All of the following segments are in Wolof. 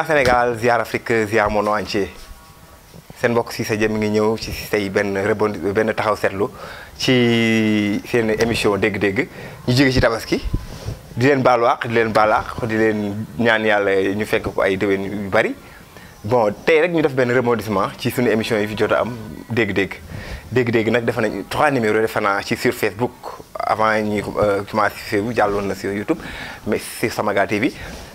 waa Sénégal ziar Afrique ziar monde entier seen mbokk Cissé Dia mi ngi ñëw ci tey benn rebond benn taxaw seetlu ci seen émission dégg-dégg ñu jóge ci tabaski di leen baalu àq di leen baalu àq di leen ñaan yàlla ñu fekk ko ay déwén yu bari bon tey rek ñu def benn rebondissement ci suñu émission yi fi jot am dégg-dégg dégg-dégg nag defe nañ trois numéros defe naa ci sur Facebook avant ñuy euh, commencé jàlloon na sur YouTube mais sur Samaga TV bi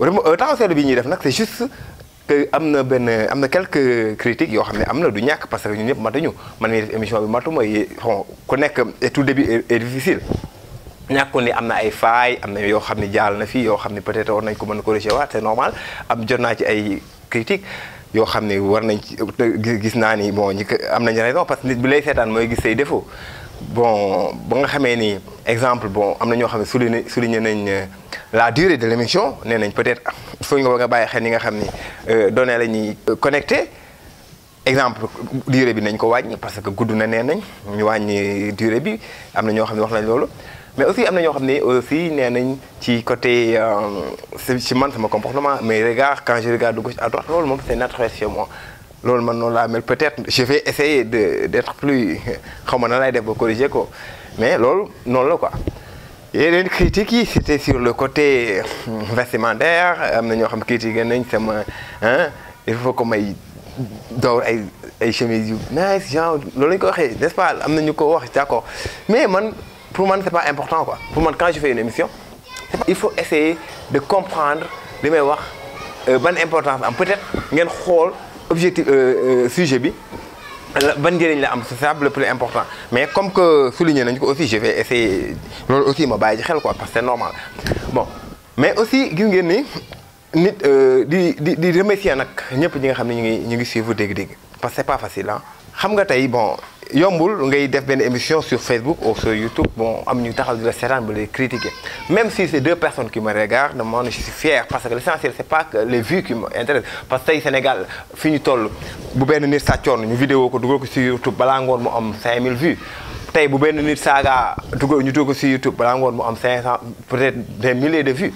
taxaw euh, seetlu bi ñuy def nag c'est juste que am na benn am na quelque critiques yoo xam ne am na du ñàkk parce que ñu ñëpp matuñu man mii def émission bi matuma bon ku nekk et tout début est difficile ñàkkul ni am na ay failles am na yoo xam ne jaal na fii yoo xam ne peut-être war nañ ko mën a corriger waat c'est normal am jot naa ci ay critiques yoo xam ne war nañ ci gis naa ni bon ñi am nañu raison parce que nit bi lay seetaan mooy gis say défauts bon ba nga xamee ni exemple bon amna na ñoo xam souligné nañ euh, la durée de l'émission né nañ peut-être foo nga nga bàyyi xel nga xam euh donné la euh, connecté exemple durée bi nañ ko wàññi parce que gudd na nee nañ ñu wañi durée bi amna na ñoo xam wax lañ lolu mais aussi amna na ñoo aussi né nañ ci côté euh, ci man sama comportement mais regard quand je regarde de gauche à droite loolu c'est naturel chez moi lol man non la mel peut-être je vais essayer de d'être plus xaw on na lay def corriger ko mais lol non la quoi a une critique, c'était sur le côté hmm, vestimentaire am na ñoo xam critiqué nañ sama hein il faut que may doow ay ay chemise nice genre loolu lañ ko waxé n'est-ce pas am na ñu ko wax d'accord mais man pour moi, c'est pas important quoi pour moi, quand je fais une émission il faut essayer de comprendre li may wax euh, ban importance am peut-être ngeen xol objectif euh, euh, sujet bi ban la am c'est ça le plus important mais comme que souligné nañu ko aussi je vais essayer lolu aussi ma baye ci xel quoi parce que c'est normal bon mais aussi gis ngeen ni nit euh, di di di remercier nak ñëpp ñi nga xamni ne ñu ngi ñu ngi suivre dégg-dégg parce que c'est pas facile hein xam nga tay bon yombul ngay def benn émission sur Facebook ou sur YouTube bon am ñu taxaw di la seetaan ba lay critiquer même si c'est deux personnes qui me regardent man je suis fier parce que l'essentiel c'est pas que les vues qui m'intéressent parce que tey Sénégal fi ñu toll bu benn nit sàccoon ñu vidéo ko dugal ko sur YouTube balaa ngoon mu am 5000 vues tey bu benn nit saaga dugal ñu dugal sur YouTube balaa ngoon mu am 500 peut-être des milliers de vues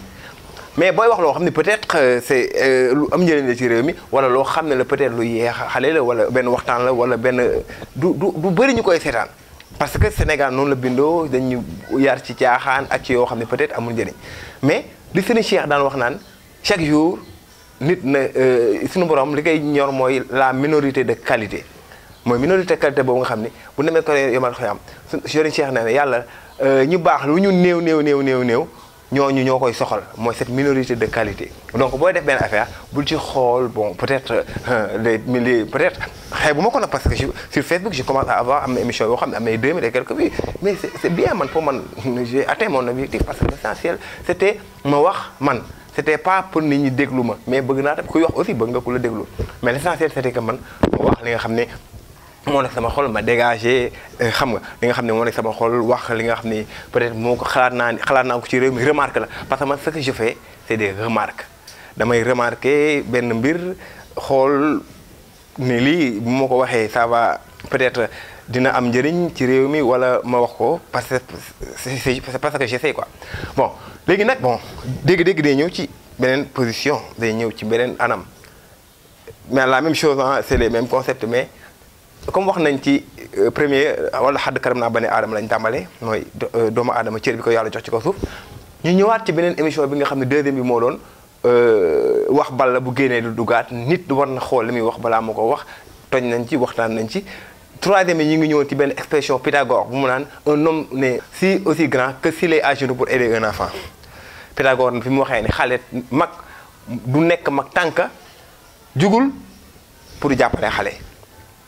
mais wax peut-être euh, c'est euh, am nous ci peut-être lu wala la wala du du parce que Sénégal nous la le dañu yar ci ak peut-être amul mais li Cheikh daan wax chaque jour nit nous euh, borom la minorité de qualité nous minorité de qualité nous nga bu pas ko yomal xiyam Cheikh ñoñu ñoo koy soxal moy cette minorité de qualité donc boy def ben affaire bu ci xol bon peut-être les euh, milliers peut-être xëy bu ma ko parce que sur Facebook je commence à avoir am na émission yoo am deux et quelques vues mais c'est bien man pour man j'ai atteint mon objectif parce que l'essentiel c'était ma wax man c'était pas pour nit ñi déglu ma mais bëgg naa tam wax aussi bëgg nga ko la déglu mais l'essentiel c'était que man wax li nga xamné moo nekk sama xol ma dégagé euh, xam nga li nga xam ne moo nekk sama xol wax li nga xam ne peut-être moo ko xalaat naa xalaat naa ko ci réew mi remarque la parce que man ce que je fais c'est des remarques damay remarquer benn mbir xool ne lii bu ma ko waxee ça va peut-être dina am njëriñ ci réew mi wala ma wax ko parce que c'est parce que j'essaie quoi bon léegi nag bon dégg-dégg day ñëw ci beneen position day ñëw ci beneen anam mais la même chose ah c'est les mêmes concepts mais comme wax nañ ci euh, premier wala xadd karam naa bani aadama lañ tàmbalee mooy euh, doomu aadama cër bi ko yàlla jox ci ko suuf ñu ñëwaat ci beneen émission bi nga xam ne deuxième bi moo doon euh, wax bala bu génnee du dugaat nit war na xool li muy wax balaa moo ko wax toñ nañ ci waxtaan nañ ci troisième yi ñu ngi ñëwoon ci benn expression Pythagore bu mu naan un ne si aussi grand que s'il est à genoux pour aider un enfant Pythagore fi mu waxee ni xale mag du nekk mag tànka jugul pour jàppale xale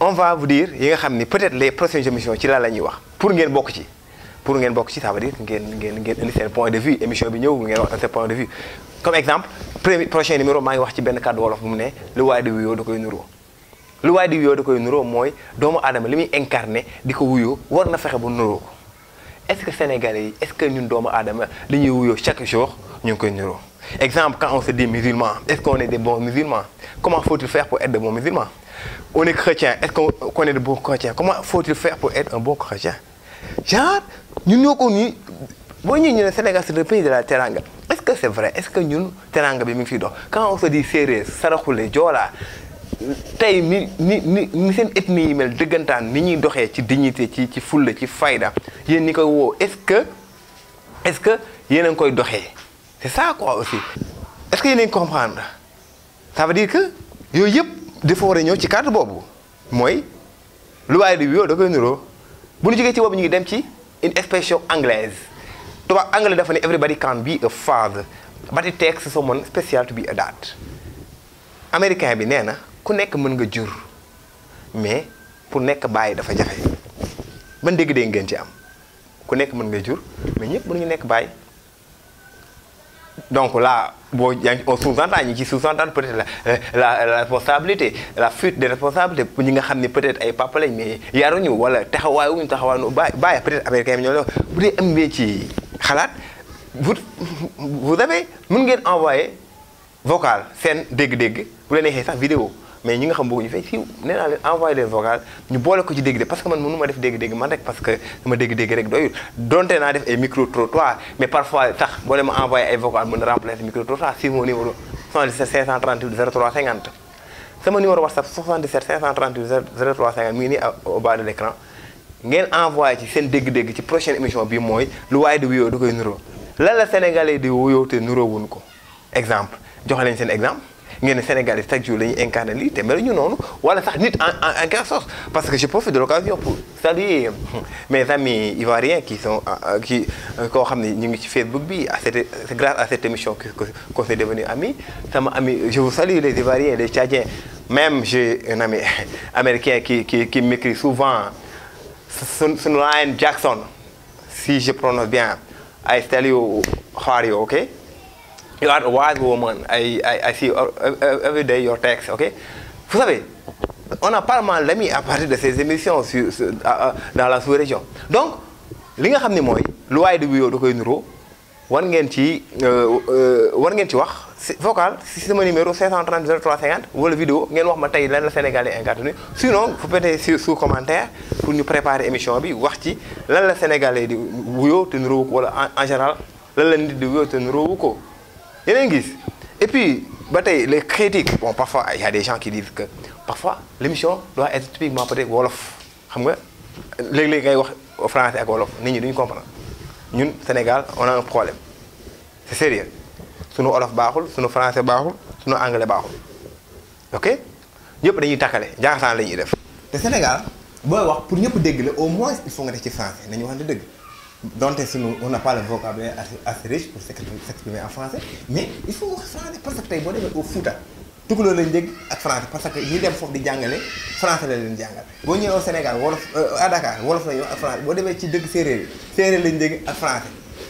on va vous dire yi nga xam peut-être les prochaines émissions ci la la wax pour ngeen bokk ci pour ngeen bokk ci ça veut dire ngeen ngeen ngeen indi point de vue émission bi ñëw ngeen wax seen point de vue comme exemple prochain numéro maa ngi wax ci benn kàddu wolof bu mu ne lu waay di wuyoo da koy nuroo lu di wuyoo da koy nuro moy doomu aadama li incarné diko ko war na fexé bu nuro est-ce que sénégalais est-ce que ñun doomu adam, li ñuy wuyo chaque jour ñu koy nuro exemple quand on se dit musulman est-ce qu'on est des bons musulmans comment faut-il faire pour être de bons musulmans on est chrétien, est-ce qu'on est de bons chrétiens Comment faut-il faire pour être un bon chrétien Genre, nous nous connus, bon, nous, le Sénégal, c'est le pays de la Teranga. Est-ce que c'est vrai Est-ce que nous, Teranga, quand on se dit sérieux, Sarakoulé, Djola, tey ni ni ni ni seen ethnie yi mel dëggantaan ni ñuy doxee ci dignité ci ci fulla ci fayda yéen ni koy woo est-ce que est-ce que yéen a c'est ça quoi aussi est-ce que yéen a comprendre ça veut dire que yooyu dafa war a ñëw ci cadre boobu mooy lu waaye di wiyoo da koy niroo bu ñu jógee ci boobu ñu ngi dem ci une expression anglaise tubaab anglais dafa ne everybody can be a father but it takes someone special to be a dad américain bi nee na ku nekk mën nga jur mais pour nekk bàyyi dafa jafe ban dégg-dégg ngeen ci am ku nekk mën nga jur mais ñëpp mënuñu nekk bàyyi. Donc là, bon, on sous-entend, sous-entend peut-être la, euh, la, la, responsabilité, la fuite de responsabilité. Pour nous, peut-être ay pas lañ mais yaru ñu wala taxaway wuñ taxawanu bay peut-être avec ay ñolo bu dé am métier, xalat vous vous avez mën ngeen envoyer vocal scène dig dig bu la nexé sax vidéo mais ñi nga xam ñu fay siiw néna naa leen envoyé des vocales ñu boole ko ci dégg-dégg parce que man mënu ma def dégg-dégg man rek parce que sama dégg-dégg rek doyul donte naa def ay micro trottoir mais parfois tax boo ma envoyer ay vocal mën remplacer micro trottoir si mon numéro 77 538 03 50 sama numéro whatsapp 77 538 03 50 mu au bas de l'écran ngeen envoyer ci seen dégg-dégg ci prochaine émission bi mooy lu waaye di wuyoo da koy nuroo lan la Sénégalais di wuyoo te nuroo ko exemple joxe leen seen exemple ngeen les Sénégalais, chaque jour j'ai ñuy incarné lii nous mel ñu noonu wala sax nit en en quelque sorte parce que j'ai profité de l'occasion pour saluer hmm, mes amis ivoiriens qui sont euh, euh, qui euh, ko xamni ñu ngi ci Facebook bi à c'est grâce à cette émission que qu'on s'est devenu amis sama ami je vous salue les ivoiriens les tchadiens même j'ai un ami américain qui qui qui m'écrit souvent Sunline Jackson si je prononce bien I tell you how are you okay You are a wise woman. I, I, I see every day your text, ok Vous savez, on a pas mal d'amis à partir de ces émissions sur, sur, dans la sous-région. Donc, li nga xam ne mooy luwaay de bu de da koy nuroo war ngeen ci euh, euh, war ngeen ci wax vocal si mon numéro 530 03 ou la vidéo ngeen wax ma tey lan la sénégalais incartenu sinon vous petee si sous commentaire pour nous préparer émission bi wax ci lan la sénégalais di wuyoo te nuroowu ko wala en général lan la di wuyoo te ko et puis, les critiques, bon, parfois, il y a des gens qui disent que parfois, l'émission doit être typiquement peut-être Wolof. Les français et Wolof, nous ne comprenons Nous, au Sénégal, on a un problème. C'est sérieux. Si nous Wolof bahul, si nous français bahul, si nous anglais bahul. Ok Nous avons tacalé, nous avons fait. Le Sénégal, pour nous, pour au moins, il faut que nous français. Nous donc, on n'a pas le vocabulaire assez, riche pour s'exprimer en français, mais il faut que français parce que tu es au foot. Tout le monde est français parce que nous sommes des jangles, français le jungle. Bonjour au Sénégal, euh, à Dakar, Wolof à français. vous devez tu degs serré, serré les à français.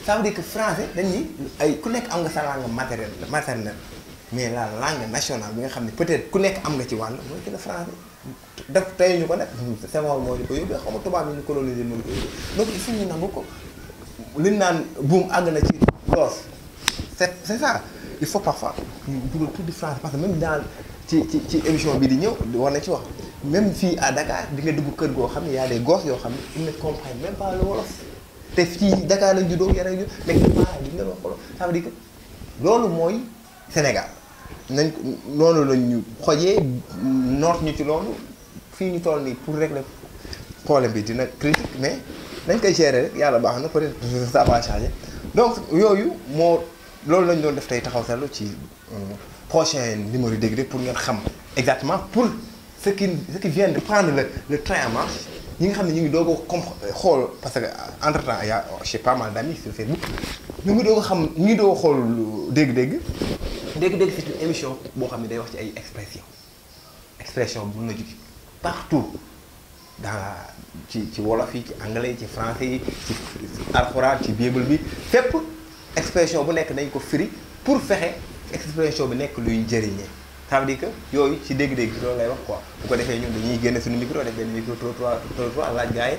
Ça veut dire que français, d'ailleurs, ils connaissent anglais sa langue maternelle, maternelle. Mais la langue nationale, peut-être connaissent anglais tu vois, mais c'est le français. def tey ñu ko nekk Senghor moo ñu ko yóbbee xaw ma tubaab yi ñu colonisé moo ñu ko yóbbee donc il ñu nangu ko liñ naan buum àgg na ci loos c'est c'est ça il faut parfois ñu dugal tout différence parce que même dans ci ci ci émission bi di ñëw war na ci wax même fii à dakaar di nga dugg kër goo xam ne y a des yoo xam ne ils ne comprennent même pas fii Dakar lañ juddoo yara ju mais pas li nga wax wolof loolu mooy Sénégal Nous avons fait un pour régler problème critique mais nous avons géré ça donc nous avons fait prochain numéro de pour exactement pour ceux qui vient de prendre le train en marche Nous parce que euh, euh, pas mal d'amis sur Facebook nous devons dégg-dégg c'est une émission boo xam ne day wax ci ay expression expression bu mun na jóge partout dans ci ci wolof yi ci anglais yi ci français yi ci alxuraan ci bible bi fépp expression bu nekk nañ ko firi pour fexe expression bi nekk luy jëriñee ça veut dire que yooyu ci dégg-dégg bi loolu lay wax quoi bu ko defee ñun dañuy génn suñu micro def benn micro trottoir trottoir laaj gars yi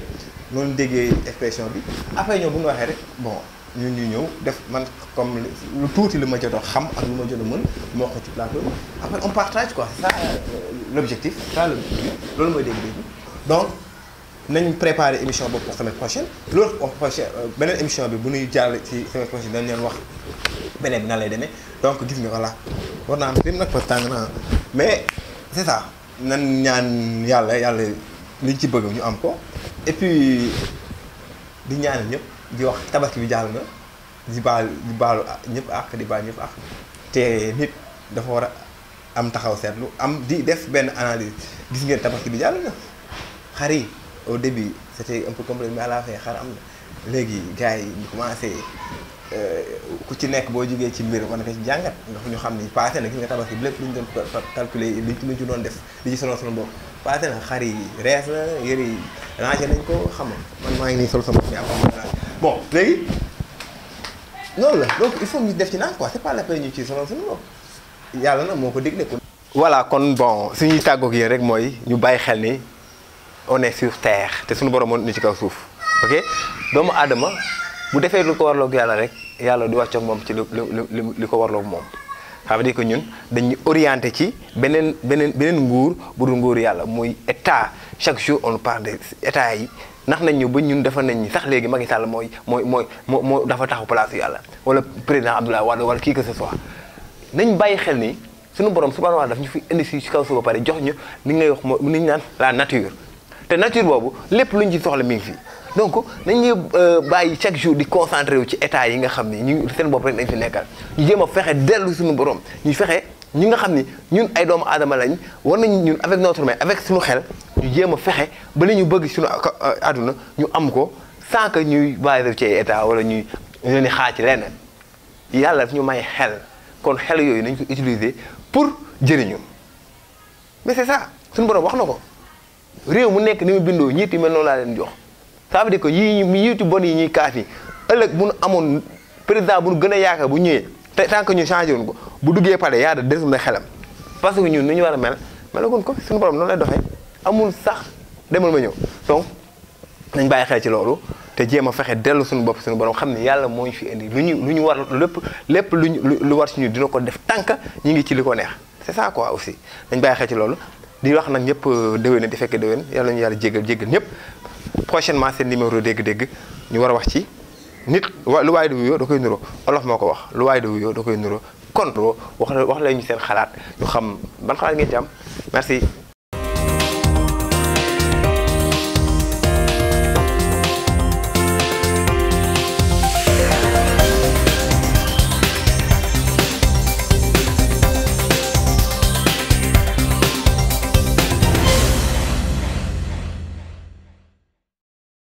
noonu déggee expression bi après ñoom bu ñu waxee rek bon ñu ñu ñëw def man comme lu tuuti lu ma jot a xam ak lu ma jot a mën moo ko ci plateau après on partage quoi ça euh, l' objectif ça l'objectif loolu mooy dégg-dégg donc nañ préparer émission boobu pour semaine prochaine loolu prochaine euh, beneen émission bi bu ñuy jàll ci semaine prochaine dañ leen wax beneen bi nan lay demee donc gis nga voilà war naa am lim nag parce que naa ah. mais c' est ça nan ñaan yàlla yàlla liñ ci bëgg ñu am ko et puis di ñaan ñëpp. di wax tabaski bi jàll na di baal di baalu ñëpp àq di baal ñëpp àq te nit dafa war a am taxaw seetlu am di def benn analyse gis ngeen tabaski bi jàll na xar yi au début c'était un peu compliqué mais à la fin xar am na léegi gars yi ñu commencé euh, ku ci nekk boo jógee ci mbir mën nga ci jàngat ndax ñu xam ni passé na gis nga tabaski bi lépp lu ñu doon calculer liñ ci luñ ci doon def li ci sonal sunu bopp passé na xar yi rees na yëri rangé nañ ko xam nga man maa ngi nii sol sama fi bon Non, donc il faut définir quoi c'est pas la peine de utiliser non il na voilà kon bon si rek moi ñu xel on est sur terre de suñu borom moo ñu ci ok Donc, à bu devez ko corps rek et ci li ko veut dire que orienté ci benen benen benen nguur bu chaque jour on parle de ndax nañ ñu ba ñun dafa nañ ñi sax léegi Macky Sall mooy mooy mooy moo moo dafa taxu place yàlla wala président Abdoulaye Wade wala kii que ce soit nañ bàyyi xel ni suñu borom subhanahu wa daf ñu fi indi si kaw suba pare jox ñu li ngay wax moo ni ñu naan la nature te nature boobu lépp luñ ci soxla mi ngi fi nañu nañuy euh, bàyyi chaque jour di concentré wu ci état yi nga xam ni ñu seen bopp rek lañ si nekkal ñu jéem a fexe dellu suñu boroom ñu fexe ñi nga xam ni ñun ay doomu aadama lañ war nañ ñun avec notre main avec suñu xel ñu a fexe ba ñu bëgg suñu euh, àdduna ñu am ko sans que ñuy bàyyi def ci état wala ñuy leen di xaar ci lenn yàlla daf ñu may xel kon xel yooyu nañ ko utiliser pour jëriñu mais c'est ça suñu borom wax na ko réew mu nekk ni mu bindoo ñiit yi mel noonu laa leen jox ça veut dire que yii ñiitu bon yi ñuy kaaf yi ëllëg bu nu amoon président bu nu gën a yaakaar bu ñëwee te tant que ñu changé woon ko bu duggee pare yaa da des na xelam parce que ñu nu ñu war a mel melagoon ko suñu borom noonu lay doxee amul sax demal ma ñëw donc dañ bàyyi xel ci loolu te jéem a fexe dellu suñu bopp suñu borom xam ne yàlla moo ñu fi indi lu ñu lu ñu war lépp lépp luñ lu war si ñu dina ko def tànk ñu ngi ci li ko neex c'est ça quoi aussi ci loolu di wax nag ñëpp euh, déwén di fekk déwén yàlla ñu yàlla jéggal jéggal ñëpp prochainement seen numéro dégg-dégg ñu war a wax ci nit wa lu waay di wuyoo da koy nuroo olof moo ko wax lu waaye di wuyoo da koy nuroo kon wax wax la ñu seen xalaat ñu xam ban xalaat ngeen ci merci